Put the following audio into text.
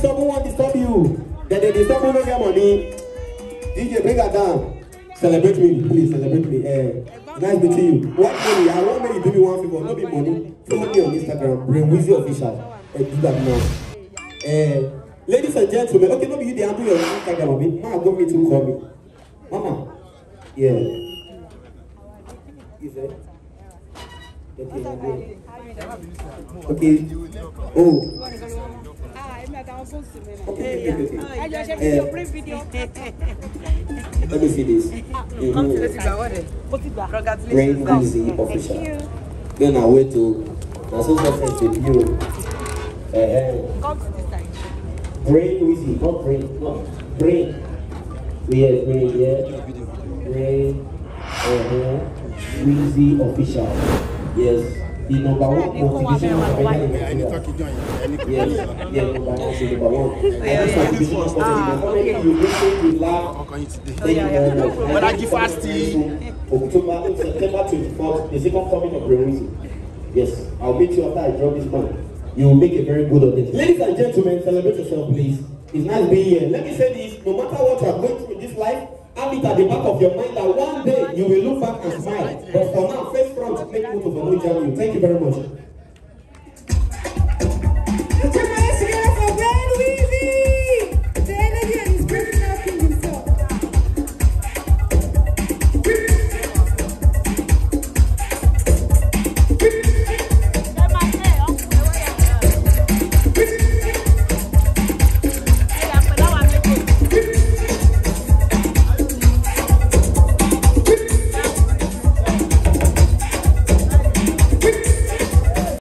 Someone disturb you. Then they disturb you, no get money. DJ, bring her down. Celebrate me, please, celebrate me. Eh, nice meeting you. One money, I want me to do me one favor, no be money. Follow me on Instagram, Bring Brainweezy Official. Eh, do that now. Eh, ladies and gentlemen, okay, no be you, they handle your Instagram, Mama, mean. Ma, go me to call me. Mama. Yeah. Is it? Okay. Okay. Oh. Eh. let me see this. o ti gbà wọ́dẹ̀. o ti gbà. congratulations. bring easy official. then i wait to na so so first dey bureau. come to easy not bring no bring. we here we here bring uh -huh. easy official yes the number one motivation of Nigeria. Ẹni tọ́kì jọ yẹn, ẹni kò yẹ. Yẹ number one ṣe number one. Ẹni tọ́kì jọ yẹn, ẹni kò yẹ. Ọkọ yìí ti dé. Bọ́lájí fásitì. October September twenty fourth the second coming of Rewizu. Yes, I'll meet you after I drop this man. You will make a very good of Ladies and gentlemen, celebrate yourself please. It's nice being here. Let me say this, no matter what you are going through in this life, have it at the back of your mind that one day you will look back and smile. But for now, Thank you both of you. Thank you very much.